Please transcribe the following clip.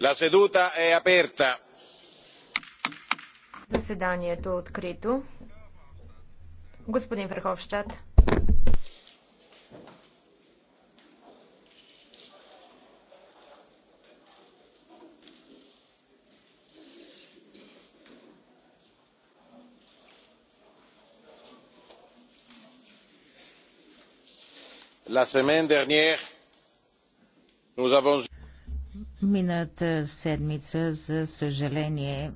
La seduta е aperta. Заседанието е открито. Господин Верховщад. La semaine dernière, nous avons Мината седмица, за съжаление,